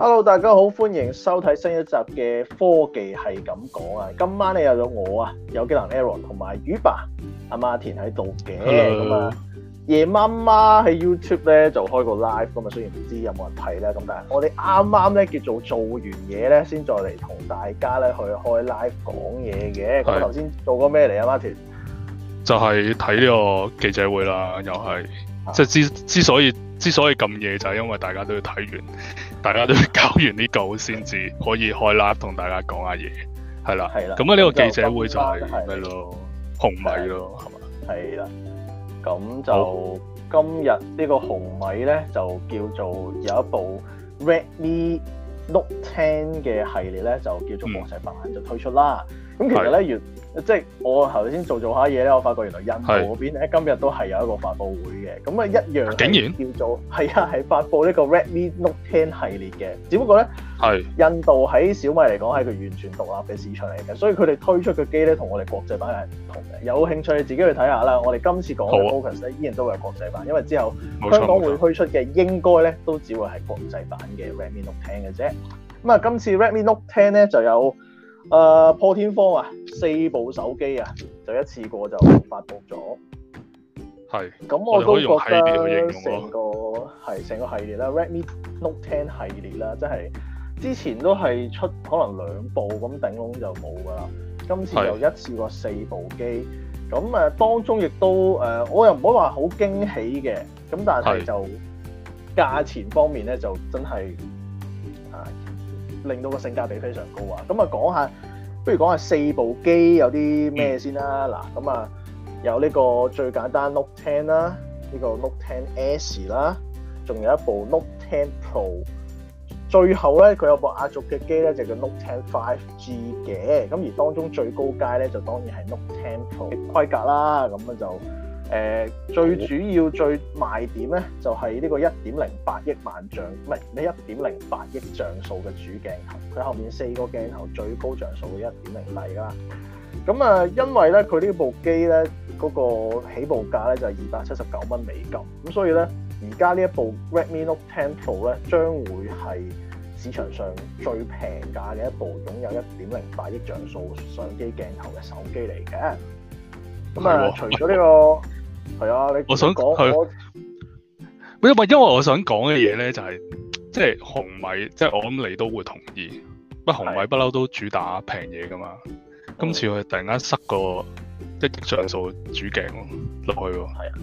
Hello，大家好，歡迎收睇新一集嘅科技係敢講啊！今晚咧有咗我啊，有機男 Aaron 同埋魚爸阿 Martin 喺度嘅咁啊，夜媽媽喺 YouTube 咧就開個 live 咁啊，雖然唔知有冇人睇啦，咁但係我哋啱啱咧叫做做完嘢咧，先再嚟同大家咧去開 live 講嘢嘅。咁頭先做過咩嚟啊？Martin 就係睇呢個記者會啦，又係即係之之所以之所以咁夜就係、是、因為大家都要睇完。大家都搞完呢個先至可以開啦，同大家講下嘢，係啦。咁啊啦，呢個記者會就係咪咯？紅米咯，係嘛？係啦，咁就好今日呢個紅米咧，就叫做有一部 Redmi。Note 10嘅系列咧就叫做國際版、嗯、就推出啦。咁其實咧，原即係我頭先做做下嘢咧，我發覺原來印度嗰邊咧是的 今日都係有一個發布會嘅。咁啊，一樣竟然叫做係啊，係然發布呢個 Redmi Note 10系列嘅，只不過咧，係是印度喺小米嚟講係佢完全獨立嘅市場嚟嘅，所以佢哋推出嘅機咧同我哋國際版係唔同嘅。有興趣自己去睇下啦。我哋今次講嘅 focus 咧依然都會有國際版，因為之後香港會推出嘅應該咧都只會係國際版嘅 Redmi Note 10嘅啫。咁啊，今次 Redmi Note 10咧就有誒、呃、破天荒啊四部手機啊，就一次過就發佈咗。係是。咁我都覺得成個係成、啊、個,個系列啦，Redmi Note 10系列啦，即係。之前都係出可能兩部咁頂籠就冇㗎喇，今次又一次過四部機，咁誒是當中亦都誒我又唔好話好驚喜嘅，咁但係就是價錢方面咧就真係啊令到個性價比非常高啊，咁啊講下，不如講下四部機有啲咩先啦，嗱咁啊有呢個最簡單 Note 10啦，呢個 Note 10 S 啦，仲有一部 Note 10 Pro。最後咧，佢有部壓軸嘅機咧，就叫 Note 10 5G 嘅。咁而當中最高階咧，就當然係 Note 10 Pro 嘅規格啦。咁啊就誒、呃、最主要最賣點咧，就係、是、呢個一點零八億萬像，唔係呢一點零八億像素嘅主鏡頭。佢後面四個鏡頭最高像素嘅一點零㗎啦。咁啊，因為咧佢呢它部機咧嗰、那個起步價咧就係二百七十九蚊美金，咁所以咧。而家呢一部 Redmi Note 10 Pro 咧，將會係市場上最平價嘅一部擁有一點零八億像素相機鏡頭嘅手機嚟嘅。咁啊、哦，除咗呢、這個，係啊、哦，哦、我想講說是我，唔係因為我想講嘅嘢咧，就係即係紅米，即、就、係、是、我諗你都會同意，不紅米不嬲都主打平嘢噶嘛。是的今次佢突然間塞個一億像素主鏡落去喎。係啊，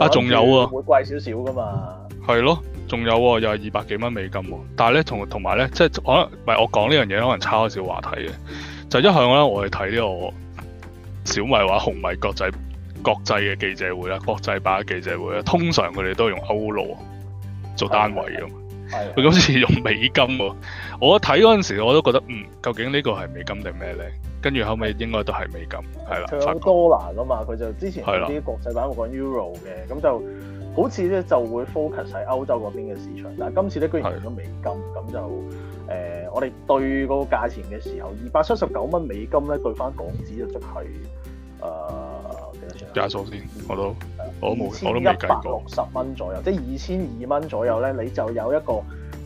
啊仲、啊、有啊，會貴少少噶嘛。係咯，仲有啊，又係二百幾蚊美金喎、啊。但係咧，同同埋咧，即係可能唔係我講呢樣嘢，可能差開少話題嘅。就一向咧，我係睇呢個小米話紅米國際國際嘅記者會啦、啊，國際版嘅記者會啦、啊。通常佢哋都用歐羅做單位㗎嘛。係。佢今次用美金喎、啊。我一睇嗰陣時，我都覺得嗯，究竟呢個係美金定咩咧？跟住後尾應該都係美金，係啦。佢有 dollar 噶嘛，佢覺就之前有啲國際版會講的 euro 嘅，咁就好似咧就會 focus 喺歐洲嗰邊嘅市場。但係今次咧，居然用咗美金，咁、嗯、就誒的、呃，我哋兌嗰個價錢嘅時候，二百七十九蚊美金咧兌翻港紙就即係誒幾多錢？加數先，我都的我冇我都未計過六十蚊左右，即係二千二蚊左右咧，你就有一個。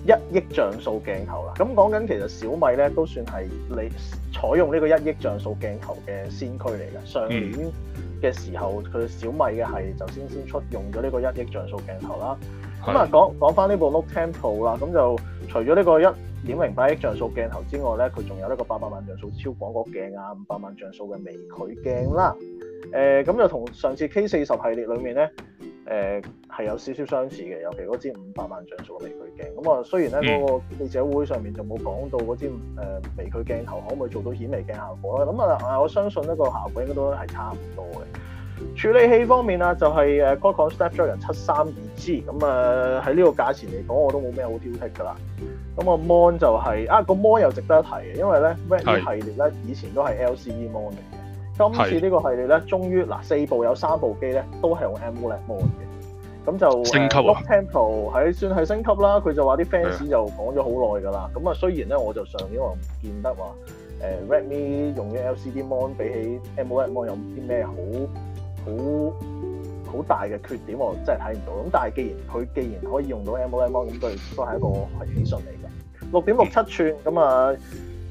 一億像素鏡頭啦，咁講緊其實小米咧都算係你採用呢個一億像素鏡頭嘅先驅嚟嘅。上年嘅時候，佢小米嘅係就先先出用咗呢個一億像素鏡頭啦。咁啊、嗯，講講翻呢部 Note 10 Pro 啦，咁就除咗呢個一點零八億像素鏡頭之外咧，佢仲有呢個八百萬像素超廣角鏡啊，五百萬像素嘅微距鏡啦。誒咁、呃、就同上次 K 四十系列裡面咧，誒、呃、係有少少相似嘅，尤其嗰支五百萬像素嘅微距鏡。咁啊，雖然咧嗰、嗯、個記者會上面就冇講到嗰支誒微距鏡頭可唔可以做到顯微鏡效果啦。咁啊，我相信呢個效果應該都係差唔多嘅。處理器方面啊，就係誒 Qualcomm Snapdragon 七三二 G、呃。咁啊，喺呢個價錢嚟講，我都冇咩好挑剔㗎啦。咁、嗰個 Mon 就係、啊 Mon 就係啊個 Mon 又值得一提嘅，因為咧 Redmi 是系列咧以前都係 LCD Mon 嚟。今次呢個系列咧，終於嗱四部有三部機咧，都係用 AMOLED mon 嘅，咁就升級啊。六 temple 喺算係升級啦，佢就話啲 fans 就講咗好耐㗎啦。咁啊，雖然咧我就上年我唔見得話誒、呃、Redmi 用咗 LCD mon 比起 AMOLED mon 有啲咩好好好大嘅缺點，我真係睇唔到。咁但係既然佢既然可以用到 AMOLED mon，咁都都係一個係喜訊嚟嘅。六點六七寸，咁啊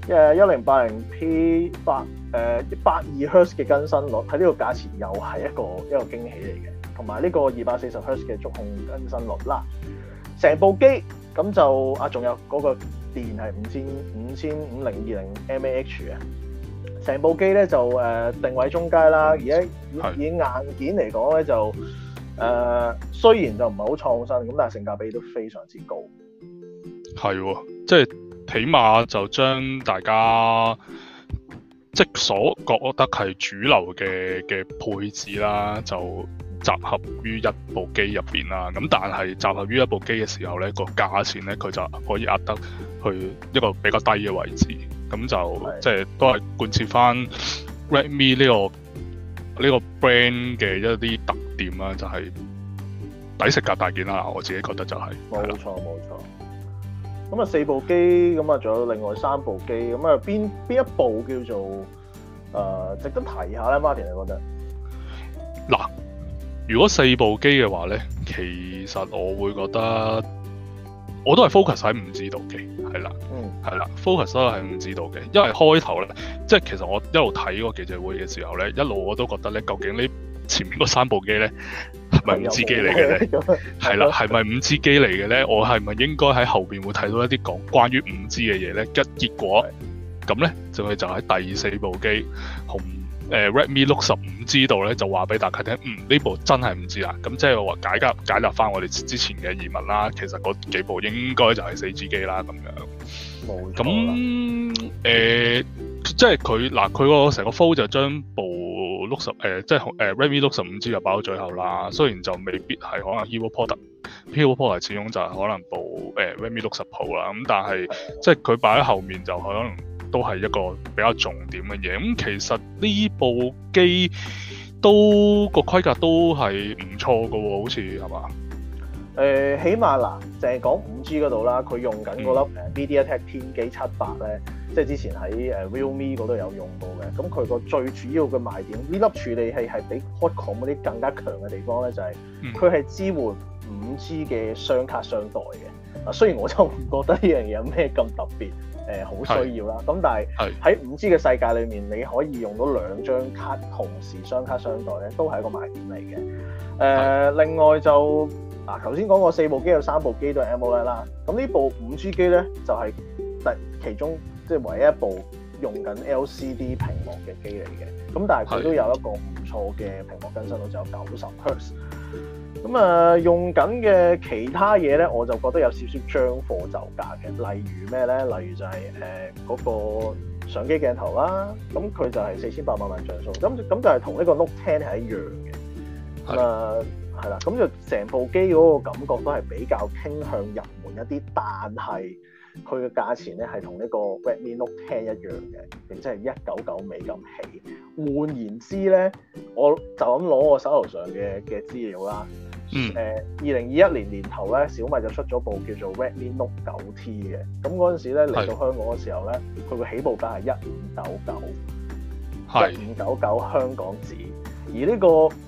誒一零八零 P 八。誒，一百二赫茲嘅更新率喺呢個價錢又係一個一個驚喜嚟嘅，同埋呢個二百四十赫茲嘅觸控更新率啦，成部機咁就啊，仲有嗰個電係五千五千五零二零 mAh 嘅，成部機咧就誒、呃、定位中階啦，嗯、而家的以，以硬件嚟講咧就誒、呃、雖然就唔係好創新咁，但係性價比都非常之高，係，即、就、係、是、起碼就將大家。即所覺得係主流嘅嘅配置啦，就集合於一部機入面啦。咁但係集合於一部機嘅時候，呢個價錢呢，佢就可以壓得去一個比較低嘅位置。咁就是即係都係貫徹翻 Redmi 呢、這個呢、這個 brand 嘅一啲特點啦，就係、是、抵食夾大件啦。我自己覺得就係冇錯，冇錯。咁啊四部機，咁啊仲有另外三部機，咁啊邊邊一部叫做誒、呃、值得提下咧？Martin 你覺得？嗱，如果四部機嘅話咧，其實我會覺得我都係 focus 喺唔知道嘅，係啦，嗯，係啦，focus 係唔知道嘅，因為開頭咧，即係其實我一路睇嗰個記者會嘅時候咧，一路我都覺得咧，究竟呢？前面嗰三部機咧，係咪五 G 機嚟嘅咧？係啦，係咪五 G 機嚟嘅咧？我係咪係應該喺後邊會睇到一啲講關於五 G 嘅嘢咧？一結果咁咧的就係就喺第四部機紅誒、呃、Redmi Note 10 5G 度咧，就話俾大家聽，嗯，呢部真係唔知啦。咁即係話解解解答翻我哋之前嘅疑問啦。其實嗰幾部應該就係四 G 機啦。咁樣冇咁誒，即係佢嗱，佢個成個 flow 就將部。六十誒，即係誒、uh, Redmi 六十五 G 就擺到最後啦。雖然就未必係可能 Hero product，Hero product 始終就可能部誒、uh, Redmi 六十 Pro 啦。咁但係、mm hmm. 即係佢擺喺後面就可能都係一個比較重點嘅嘢。咁、嗯、其實呢部機都個規格都係唔錯嘅喎，好似係嘛？誒、呃，起碼嗱，淨係講五 G 嗰度啦，佢用緊嗰粒 MediaTek 天璣七百咧。Hmm. 即係之前喺誒 Realme 嗰度有用到嘅，咁佢個最主要嘅賣點呢粒處理器係比 Qualcomm 嗰啲更加強嘅地方咧，就係佢係支援五 G 嘅雙卡雙待嘅。啊，雖然我就唔覺得呢樣嘢有咩咁特別誒，好、呃、需要啦。咁是但係喺五 G 嘅世界裏面，你可以用到兩張卡同時雙卡雙待咧，都係一個賣點嚟嘅。誒、呃，是另外就嗱頭先講過四部機有三部機都係 M O S 啦，咁呢部五 G 機咧就係、是、第其中。即係唯一一部用緊 LCD 屏幕嘅機嚟嘅，咁但係佢都有一個唔錯嘅屏幕更新率，就有九十赫茲。咁啊，用緊嘅其他嘢咧，我就覺得有少少將貨就價嘅，例如咩咧？例如就係誒嗰個相機鏡頭啦，咁佢就係四千八百萬像素，咁咁就係同呢個 Note 10係一樣嘅。咁啊，係啦，咁就成部機嗰個感覺都係比較傾向入門一啲，但係。佢嘅價錢咧，係同呢個 Redmi Note 10一樣嘅，並且係一九九美金起。換言之咧，我就咁攞我手頭上嘅嘅資料啦。誒、嗯，二零二一年年頭咧，小米就出咗部叫做 Redmi Note 9T 嘅。咁嗰陣時咧，嚟到香港嘅時候咧，佢嘅是起步價係一五九九，一五九九香港紙。是而呢、呢個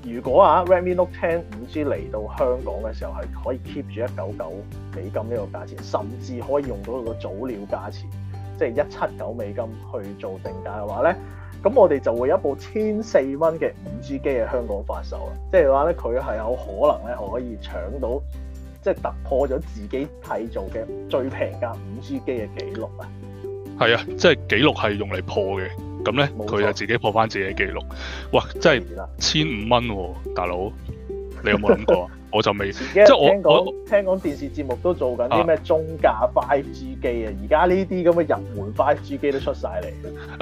如果啊 Redmi Note 10之嚟到香港嘅時候係可以 keep 住一九九美金呢個價錢，甚至可以用到一個早鳥價錢，即係一七九美金去做定價嘅話咧，咁我哋就會有一部千四蚊嘅五 G 機喺香港發售啊！即係話咧，佢係有可能咧，可以搶到即係、就是、突破咗自己製造嘅最平價五 G 機嘅記錄啊！係啊，即係記錄係用嚟破嘅，咁咧佢就自己破翻自己嘅記錄。哇！即係千五蚊喎，大佬。你有冇諗過啊？我就未，即係我聽講，聽講電視節目都做緊啲咩中價五 G 機啊！而家呢啲咁嘅入門五 G 機都出晒嚟。誒、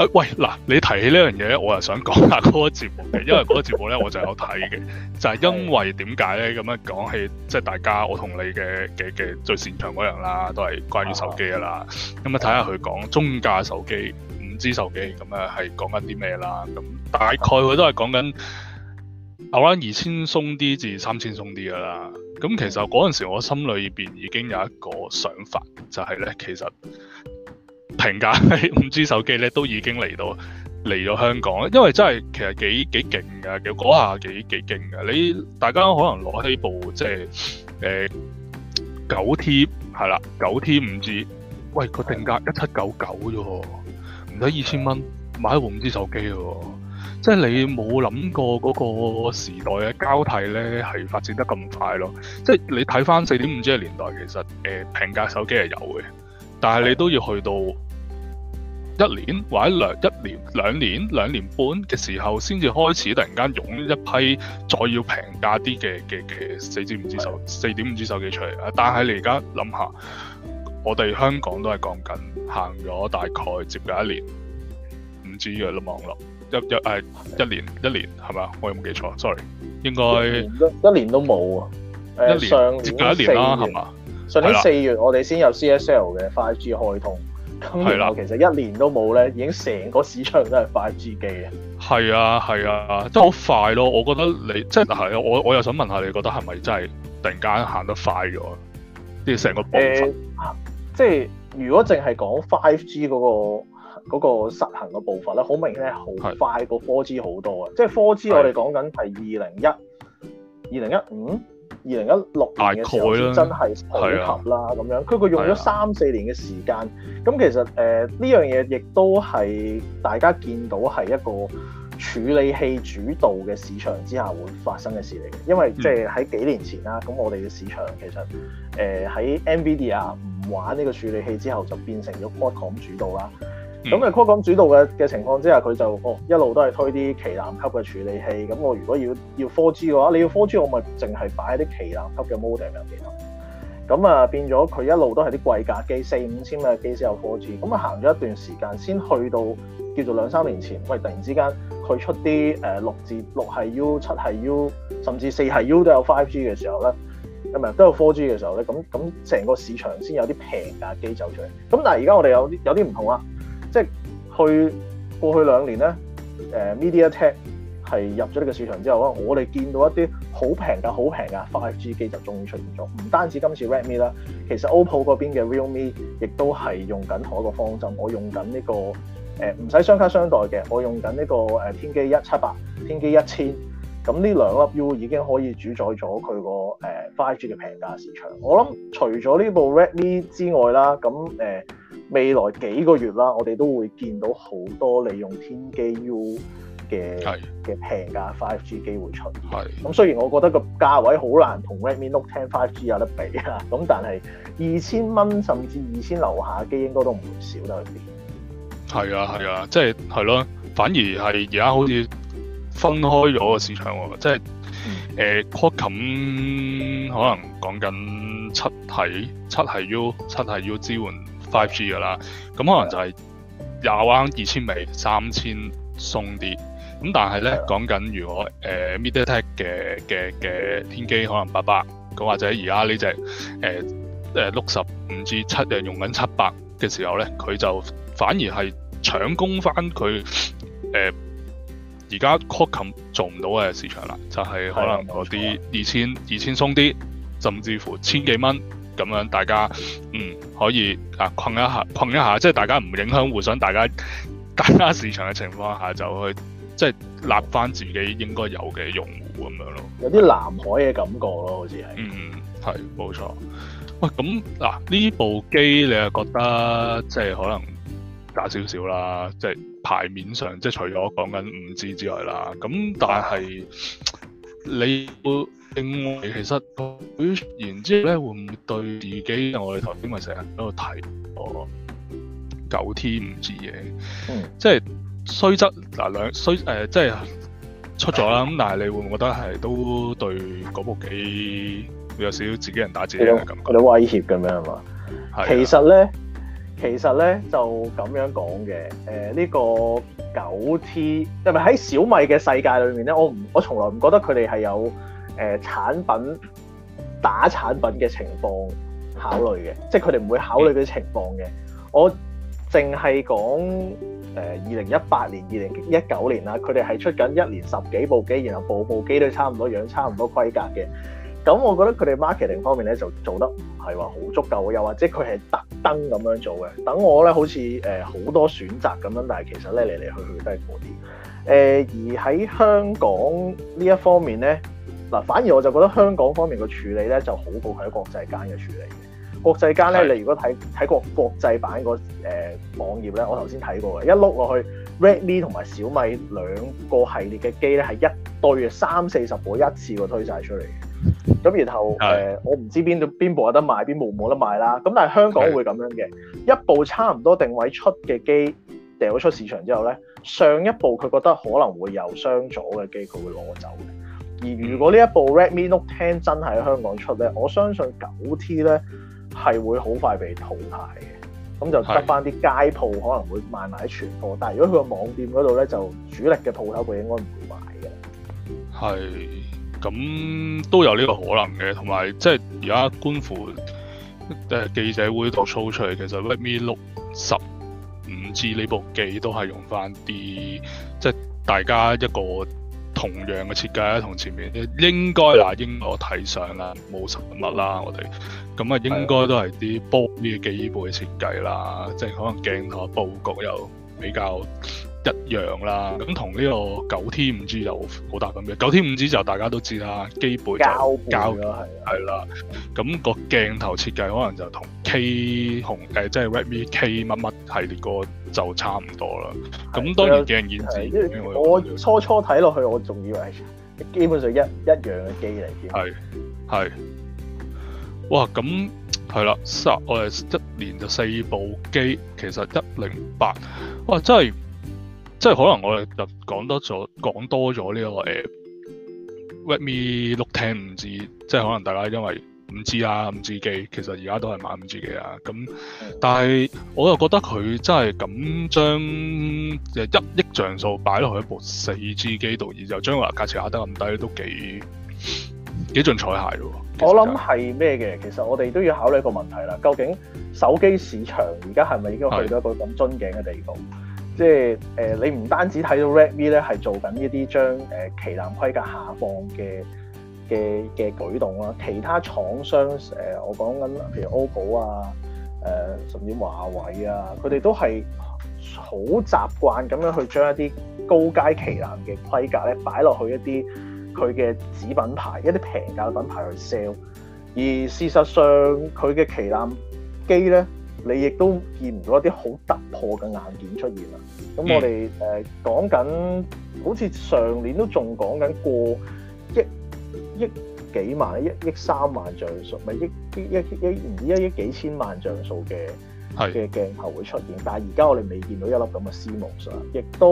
啊，喂，嗱，你提起呢樣嘢咧，我又想講下嗰個節目嘅， 因為嗰個節目咧，我就有睇嘅， 就係因為點解咧？咁樣講起，即係大家我同你嘅嘅嘅最擅長嗰樣啦，都係關於手機噶啦。咁啊，睇下佢講中價手機、五、啊、G 手機，咁啊係講緊啲咩啦？咁大概佢都係講緊。後生二千鬆啲至三千鬆啲噶啦，咁其實嗰陣時我心裏邊已經有一個想法，就係、是、咧，其實平價五 G 手機咧都已經嚟到，嚟咗香港，因為真係其實幾幾勁噶，嘅嗰下幾幾勁噶你大家可能攞起部即係誒九 T 係啦，九 T 五 G，喂個定價一七九九咋喎，唔使二千蚊買一部五 G 手機咋喎。即係你冇諗過嗰個時代嘅交替咧，係發展得咁快咯。即係你睇翻四點五 G 嘅年代，其實誒平價手機係有嘅，但係你都要去到一年或者兩一年、兩年、兩年半嘅時候，先至開始突然間湧一批再要平價啲嘅嘅嘅四點五 G 手四點五 G 手機出嚟。但係你而家諗下，我哋香港都係講緊行咗大概接近一年五 G 嘅網絡。一、一，一年，一年，係咪？我有冇記錯？Sorry，應該一年都冇啊！誒年，年一年啦，係嘛？上年四月我哋先有 C S L 嘅 Five G 開通，咁啦然後其實一年都冇咧，已經成個市場都係 Five G 機嘅。係啊，係啊，真係好快咯！我覺得你即係我，我又想問下，你覺得係咪真係突然間行得快咗、呃？即啲成個部即係如果淨係講 Five G 嗰、嗰個。嗰個實行嘅步伐咧，好明顯係，好快過 4G 好多，即係 4G，我哋講緊係二零一、二零一五、二零一六年嘅時候真係普及啦咁樣。佢佢用咗三四年嘅時間。咁是的 其實、呃、呢樣嘢亦都係大家見到係一個處理器主導嘅市場之下會發生嘅事嚟嘅。因為即係喺幾年前啦，咁、嗯、我哋嘅市場其實喺、呃、NVIDIA 唔玩呢個處理器之後，就變成咗 Broadcom 主導啦。咁嘅 c o 主導嘅嘅情況之下，佢就哦一路都係推啲旗艦級嘅處理器。咁我如果要要 4G 嘅話，你要 4G，我咪淨係擺喺啲旗艦級嘅 model 入邊囉。咁啊變咗佢一路都係啲貴價機，四五千蚊嘅機先有 4G。咁啊行咗一段時間，先去到叫做兩三年前，喂突然之間佢出啲六至六係 U 七係 U，甚至四係 U 都有 5G 嘅時候咧，咁啊都有 4G 嘅時候咧，咁咁成個市場先有啲平價機走出嚟。咁但係而家我哋有啲有啲唔同啊。即係去過去兩年咧，誒 MediaTek 係入咗呢個市場之後咧，我哋見到一啲好平價、好平價 5G 機就終於出現咗。唔單止今次 Redmi 啦，其實 OPPO 嗰邊嘅 Realme 亦都係用緊同一個方針。我用緊、這、呢個誒唔使雙卡雙待嘅，我用緊呢個誒天機一七百、天機一千。咁呢兩粒 U 已經可以主宰咗佢個誒 5G 嘅平價市場。我諗除咗呢部 Redmi 之外啦，咁誒。呃未來幾個月啦，我哋都會見到好多利用天機 U 嘅嘅是平價 5G 機會出現。咁是雖然我覺得個價位好難同 Redmi Note 10 5G 有得比啊，咁但係二千蚊甚至二千樓下機應該都唔會少得去邊。係啊，係啊，即係係咯，反而係而家好似分開咗個市場喎，即係誒，Qualcomm、嗯呃 um, 可能講緊七系七系 U，七系 U 支援。5G 嘅啦，咁可能就係廿蚊二千尾三千鬆啲，咁但係咧講緊如果誒 MediaTek 嘅嘅嘅天機可能八百，咁或者而家呢隻誒誒六十五至七日用緊七百嘅時候咧，佢就反而係搶攻翻佢誒而家 Qualcomm 做唔到嘅市場啦，就係、是、可能嗰啲二千二千鬆啲，甚至乎千幾蚊。咁樣大家嗯，可以啊困一下困一下，即係大家唔影響互相，大家大家市場嘅情況下就去即係立翻自己應該有嘅用戶咁樣咯。有啲南海嘅感覺咯，好似係。嗯，係冇錯。喂，咁嗱呢部機你又覺得即係可能差少少啦？即係牌面上，即係除咗講緊五 G 之外啦，咁但係。你會另外，其實佢完之後咧，會唔會對自己我哋頭先咪成日喺度提我九天唔知嘢，即係雖則嗱兩雖誒，即係出咗啦。咁但係你會唔會覺得係都對嗰部機有少少自己人打自己人啊咁？你威脅咁樣係嘛？係啊，其實咧。其實咧就咁樣講嘅，誒、呃、呢、這個九 T 係咪喺小米嘅世界裏面咧？我唔我從來唔覺得佢哋係有誒、呃、產品打產品嘅情況考慮嘅，即係佢哋唔會考慮嗰啲情況嘅。我淨係講誒二零一八年、二零一九年啦，佢哋係出緊一年十幾部機，然後部部機都差唔多樣差不多、差唔多規格嘅。咁我覺得佢哋 marketing 方面咧就做得唔係話好足夠又或者佢係得。燈咁樣做嘅，等我咧好似誒好多選擇咁樣，但係其實咧嚟嚟去去都係嗰啲。誒、呃、而喺香港呢一方面咧，嗱，反而我就覺得香港方面嘅處理咧就好過喺國際間嘅處理。國際間咧，是的 你如果睇睇過國際版個誒、呃、網頁咧，我頭先睇過嘅，一碌落去 Redmi 同埋小米兩個系列嘅機咧係一對三四十個一次過推晒出嚟。咁然後誒是、呃，我唔知邊度邊部有得賣，邊部冇得賣啦。咁但係香港會咁樣嘅，是一部差唔多定位出嘅機掉咗出市場之後呢，上一部佢覺得可能會有傷咗嘅機，佢會攞走嘅。而如果呢一部 Redmi Note 10真係喺香港出呢、嗯、我相信九 T 呢係會好快被淘汰嘅。咁就得翻啲街鋪是可能會賣埋啲存貨，但係如果佢個網店嗰度呢，就主力嘅鋪頭，佢應該唔會買嘅。係。咁都有呢個可能嘅。同埋即係而家觀乎誒、呃、記者會度粗出嚟，其實 Redmi Note 10 5G 呢部機都係用翻啲即係大家一個同樣嘅設計，同前面應該嗱，應該我睇相啦，冇實物啦，我哋咁啊，應該都係啲波啲嘅機背設計啦，嗯、即係可能鏡頭佈局又比較，一樣啦，咁同呢個九 T 五 G 就好大分別。九 T 五 G 就大家都知啦，機背交交咗係係啦。咁個鏡頭設計可能就同 K 紅誒，即係 Redmi K 乜乜系列個就差唔多啦。咁當然鏡片，我初初睇落去，我仲以為基本上一一樣嘅機嚟嘅。係係哇，咁係啦，我哋一年就四部機，其實一零八哇，真係～即係可能我哋就講多咗，講多咗呢、這個誒，Redmi Note 10唔知，欸、G，即係可能大家因為五 G 啊五 G 機，其實而家都係買五 G 機啊。咁，但係我又覺得佢真係咁將一億像素擺落去一部四 G 機度，而就將個價錢壓得咁低，都幾幾盡彩鞋咯。就是、我諗係咩嘅？其實我哋都要考慮一個問題啦。究竟手機市場而家係咪已經去到一個咁樽頸嘅地步？即係誒，你唔單止睇到 Redmi 咧係做緊呢啲將誒旗艦規格下放嘅嘅嘅舉動啦，其他廠商誒，我講緊譬如 OPPO 啊，誒甚至華為啊，佢哋都係好習慣咁樣去將一啲高階旗艦嘅規格咧擺落去一啲佢嘅子品牌、一啲平價嘅品牌去 sell，而事實上佢嘅旗艦機咧。你亦都見唔到一啲好突破嘅硬件出現啦。咁我哋誒、嗯呃、講緊，好似上年都仲講緊過億億幾萬、一億三萬像素，咪係億啲一億唔知一億幾千萬像素嘅嘅是鏡頭會出現，但係而家我哋未見到一粒咁嘅 CMOS，所以亦都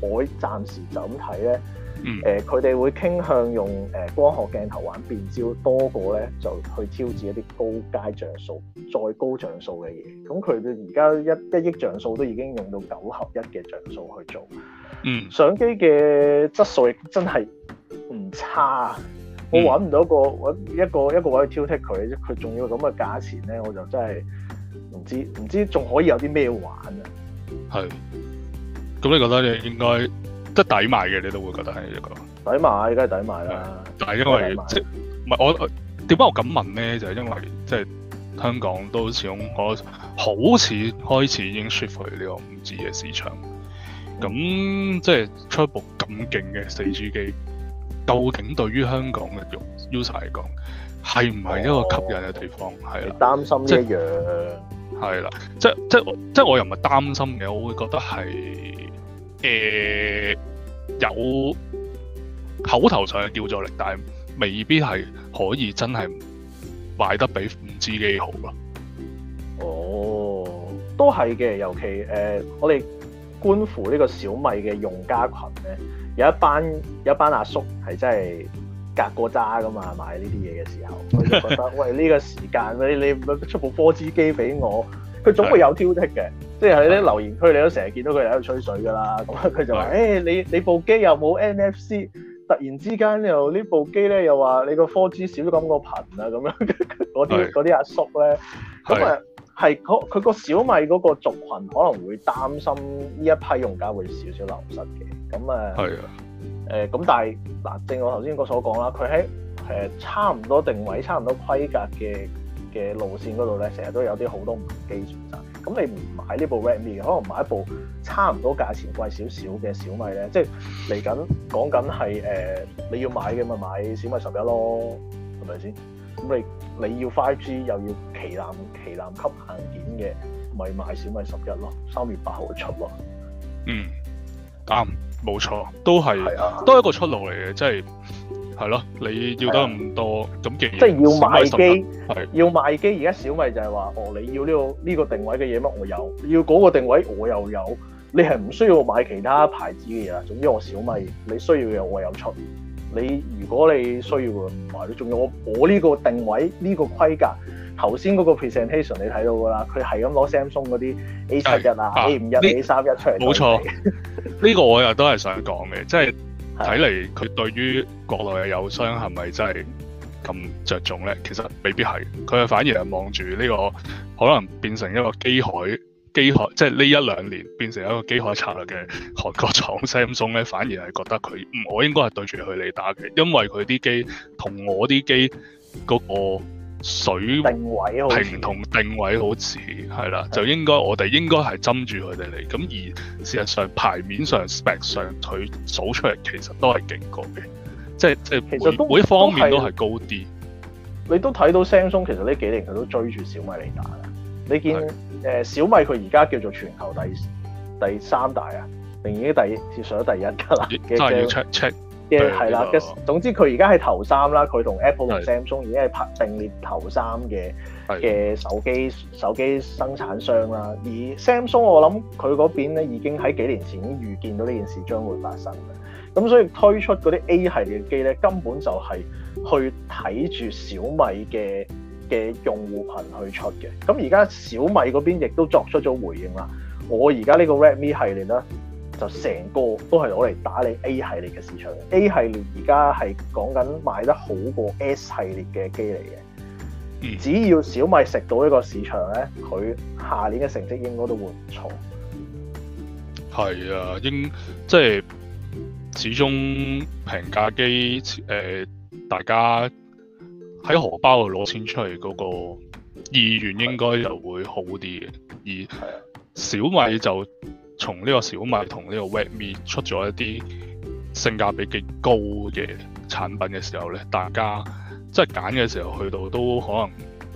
我暫時就咁睇咧。誒佢哋會傾向用誒光學鏡頭玩變焦多過咧，就去挑戰一啲高階像素、再高像素嘅嘢。咁佢哋而家一一億像素都已經用到九合一嘅像素去做。嗯，相機嘅質素亦真係唔差。我揾唔到個一個、嗯、一個一個位挑剔佢，佢仲要咁嘅價錢咧，我就真係唔知唔知仲可以有啲咩玩啊。係，咁你覺得你應該？即抵買嘅，你都會覺得係一個抵買，梗係抵買啦。但係因為麼即係唔係我點解我噉問咧？就係、是、因為即係香港都始終我好似開始已經 shift 去呢個五 G 嘅市場。咁、嗯、即係出一部咁勁嘅四 G 機，究竟對於香港嘅用 user 嚟講，係唔係一個吸引嘅地方？係啦、哦，了你擔心一樣係啦。即即我即我又唔係擔心嘅，我會覺得係。誒、呃、有口頭上嘅叫作力，但係未必係可以真係賣得比唔知機好咯。哦，都係嘅，尤其誒、呃、我哋觀乎呢個小米嘅用家群咧，有一班有一班阿叔係真係隔過渣噶嘛，買呢啲嘢嘅時候，我就覺得 喂，呢個時間你你出部波子機俾我。佢總會有挑剔嘅，是的 即係喺啲留言區，你都成日見到佢喺度吹水噶啦。咁佢就話，誒，你你部機有冇 NFC？突然之間又呢部機咧，又話你個 four G 少咗咁個頻啊，咁樣嗰啲啲阿叔咧，咁啊是的，係佢個小米嗰個族群可能會擔心呢一批用家會少少流失嘅。咁啊，係啊是的、呃，誒，咁但係嗱，正如我頭先所講啦，佢喺誒差唔多定位、差唔多規格嘅。嘅路線嗰度咧，成日都有啲好多唔同機選擇。咁你唔買呢部 Redmi，可能買一部差唔多價錢貴少少嘅小米咧，即係嚟緊講緊係誒，你要買嘅咪買小米十一咯，係咪先？咁你你要 5G 又要旗艦旗艦級硬件嘅，咪買小米十一咯。三月八號出咯。嗯，啱，冇錯，都係，係啊、都係一個出路嚟嘅，即係。係咯，你要得咁多，咁即係要買機，要買機。而家小米就係話，哦，你要呢、呢個呢、呢個定位嘅嘢乜？我有，要嗰個定位我又有。你係唔需要買其他牌子嘅嘢啦。總之我小米，你需要嘅我有出。你如果你需要嘅買你仲有我我呢個定位呢、呢個規格。頭先嗰個 presentation 你睇到噶啦，佢係咁攞 Samsung 嗰啲 A 七一啊 A 五一 A 三一出嚟。冇錯，呢個我又都係想講嘅， 即係。睇嚟佢對於國內嘅友商係咪真係咁着重呢？其實未必係，佢係反而係望住呢個可能變成一個機海機海，即係呢一兩年變成一個機海策略嘅韓國廠 Samsung 咧，反而係覺得佢我應該係對住佢嚟打嘅，因為佢啲機同我啲機嗰個。水平同定位好似係啦，就應該我哋應該係針住佢哋嚟。咁而事實上牌面上是的 spec 上佢數出嚟，其實都係勁高嘅，即係即係每，其實每一方面都係高啲。你都睇到 Samsung 其實呢幾年佢都追住小米嚟打。你見是的、呃、小米佢而家叫做全球第第三大啊，突然已經第接上咗第一噶啦，係也實要 check check。嘅係啦，嘅總之佢而家係頭三啦，佢同 Apple 同 Samsung 已經係排並列頭三嘅嘅對手機手機生產商啦。而 Samsung 我諗佢嗰邊咧已經喺幾年前已經預見到呢件事將會發生嘅，咁所以推出嗰啲 A 系列機咧根本就係去睇住小米嘅嘅用戶群去出嘅。咁而家小米嗰邊亦都作出咗回應啦，我而家呢個 Redmi 系列啦。就成個都係攞嚟打理 A 系列嘅市場，A 系列而家係講緊賣得好過 S 系列嘅機嚟嘅。只要小米食到呢個市場咧，佢下年嘅成績應該都會唔錯。係、嗯、啊，應即係始終平價機，誒、呃，大家喺荷包度攞錢出嚟嗰個意願應該就會好啲嘅。啊、而小米就。從呢個小米同呢個 Redmi 出咗一啲性價比極高嘅產品嘅時候咧，大家即係揀嘅時候去到都可能，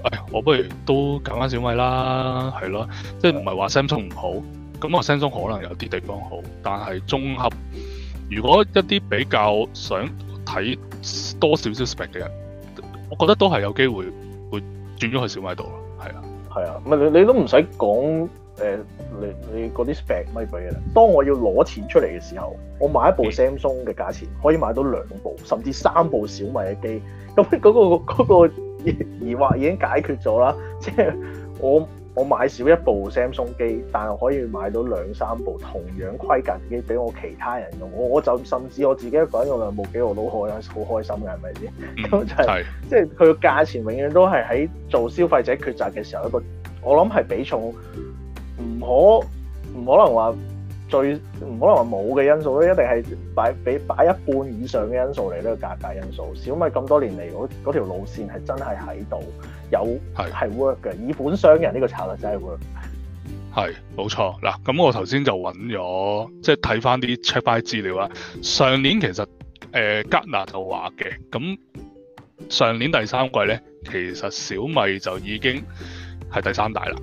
哎，我不如都揀翻小米啦，係咯，即係唔係話 Samsung 唔好，咁我 Samsung 可能有啲地方好，但係綜合，如果一啲比較想睇多少少 spec 嘅人，我覺得都係有機會會轉咗去小米度咯，係啊，係啊，咪你你都唔使講，誒，你你嗰啲 spec 咪俾嘅啦。當我要攞錢出嚟嘅時候，我買一部 Samsung 嘅價錢，可以買到兩部甚至三部小米嘅機。咁、嗰個、嗰個嗰、嗰個疑惑已經解決咗啦。即、就、係、係、我我買少一部 Samsung 機，但係可以買到兩三部同樣規格機俾我其他人用。我我就甚至我自己一個人用兩部機我幾都開好開心嘅，係咪先？咁、嗯、就係、係。即係佢個價錢永遠都係喺做消費者抉擇嘅時候一個，我諗係比重。唔可唔可能話最唔可能話冇嘅因素咧，一定係擺俾擺一半以上嘅因素嚟呢個價格，格因素。小米咁多年嚟，嗰嗰條路線係真係喺度有係是 work 嘅，以本傷人呢個策略真係 work。係冇錯嗱，咁我頭先就揾咗即係睇返啲 check by 資料啦。上年其實誒，吉、呃、納就話嘅咁上年第三季咧，其實小米就已經係第三大啦，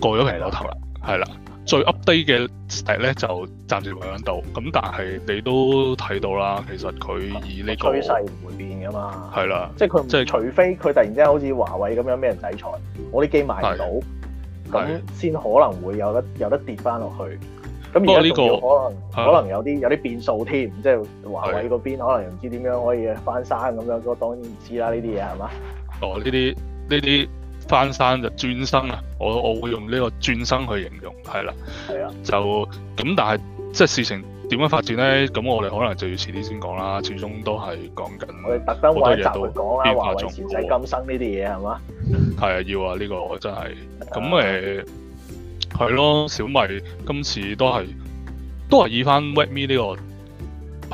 過咗蘋果頭啦。係啦，最 update 嘅嘅咧，就暫時維穩到。咁但係你都睇到啦，其實佢以呢、這個、啊、趨勢唔會變嘅嘛。係啦的，即係佢，即係、就是、除非佢突然之間好似華為咁樣俾人制裁，我啲機買唔到，咁先的可能會有得有得跌翻落去。咁而家呢有可能、這個、可能有啲、啊、有啲變數添，即係華為嗰邊可能唔知點樣可以翻生咁樣。我的當然唔知啦，呢啲嘢係嘛？哦，呢啲呢啲。翻山就轉生啊！我我會用呢個轉生去形容，係啦，的就咁。但係即係事情點樣發展咧？咁我哋可能就要遲啲先講啦。始終都係講緊好多嘢都變化中。說啊、前世今生呢啲嘢係嘛？係啊，要啊！呢、呢個我真係咁誒，係咯的。小米今次都係都係以翻 Redmi 呢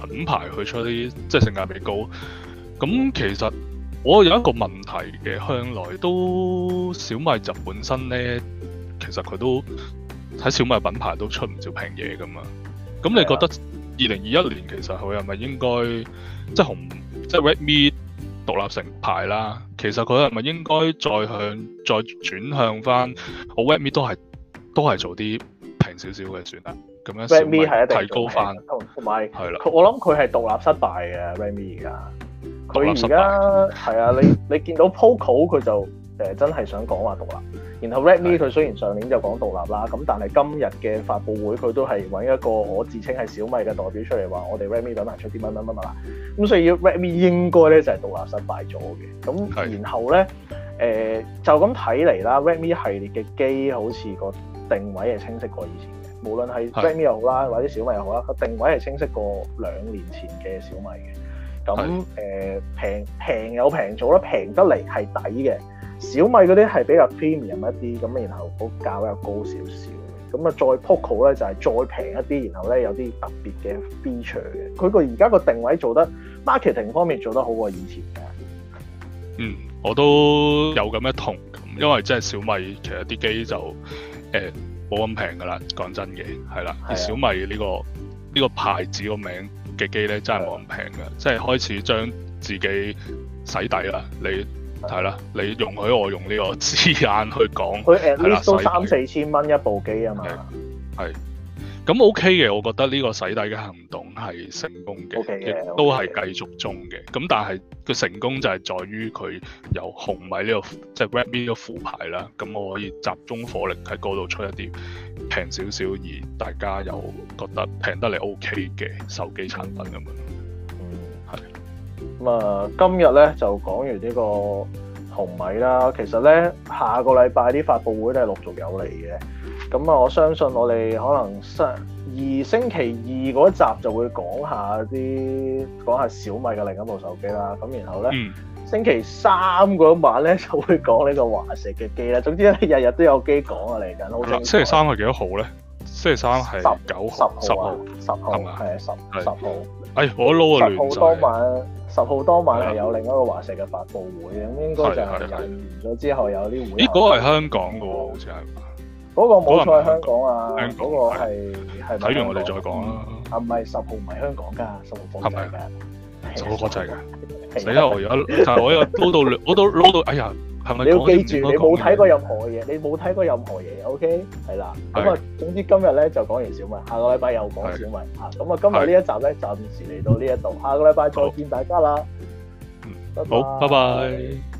個品牌去出啲即係性價比高。咁其實。我有一個問題嘅，向來都小米就本身呢，其實佢都喺小米品牌都出唔少平嘢㗎嘛。咁你覺得二零二一年其實佢係咪應該即係紅即係、即係、Redmi 獨立成牌啦？其實佢係咪應該再向再轉向翻？我 Redmi 都係都係做啲平少少嘅算啦。咁 Redmi 樣小米提高翻同同埋係啦。係。我諗佢係獨立失敗嘅 Redmi 而家。佢而家係啊，你你見到 Poco 佢就、呃、真係想講話獨立，然後 Redmi 佢是的 雖然上年就講獨立啦，咁但係今日嘅發佈會佢都係揾一個我自稱係小米嘅代表出嚟話我哋 Redmi 等埋出啲乜乜乜啦，咁所以 Redmi 應該咧就係、是、獨立失敗咗嘅，咁然後咧是的、呃、就咁睇嚟啦，Redmi 系列嘅機好似個定位係清晰過以前嘅，無論係 Redmi 又好啦，或者小米又好啦，個定位係清晰過兩年前嘅小米嘅。咁誒平平有平做啦，平那是得嚟係抵嘅。小米嗰啲係比較 premium 一啲，咁然後個價又高少少。咁啊再 Poco 咧就係再平一啲，然後咧、就是、有啲特別嘅 feature 嘅。佢個而家個定位做得 marketing 方面做得好過以前嘅。嗯，我都有咁嘅同感，因為即係小米其實啲機就誒冇咁平噶啦。講、呃、真嘅係啦，啊、小米呢、呢個呢、這個牌子個名。嘅機咧真係冇咁平嘅，是的即係開始將自己洗底啦。你係啦的，你容許我用呢個字眼去講，佢 at least 都三底四千蚊一部機啊嘛。係，咁 OK 嘅，我覺得呢個洗底嘅行動係成功嘅。嘅，Okay, 都係繼續中嘅。咁 okay 但係個成功就係在於佢有紅米呢、這個即係、就是、Redmi 副牌啦，咁我可以集中火力喺嗰度出一啲。平少少而大家又覺得平得嚟 OK 嘅手機產品咁樣，係咁啊！今日咧就講完呢個紅米啦。其實咧下個禮拜啲發佈會咧都係陸續有嚟嘅。咁啊，我相信我哋可能星二星期二嗰集就會講一下啲講下小米嘅另一部手機啦。咁然後咧。嗯星期三嗰晚咧就會講呢個華碩嘅機啦。總之咧，日日都有機講啊嚟緊，好精彩。星期三係幾多號咧？星期三係十九、十號、十號、十號，係啊，十十號。誒，我撈啊聯想。十號當晚，十號當晚係有另一個華碩嘅發布會，應該就係完咗之後有啲會。咦？嗰個係香港嘅喎，好似係。嗰個冇錯係香港啊！嗰個係係咪？睇完我哋再講啦。係咪十號唔係香港㗎？十號國際㗎？做國際嘅，死啦我而家，但係我又撈到，我都撈到，哎呀，係咪你要記住，你冇睇過任何嘢，的你冇睇過任何嘢，OK？係啦，咁啊，總之今日咧就講完小米，下個禮拜又講小米，吓咁的啊，今日呢一集咧暫時嚟到呢一度，下個禮拜再見大家啦，嗯，好，拜拜 bye。Bye bye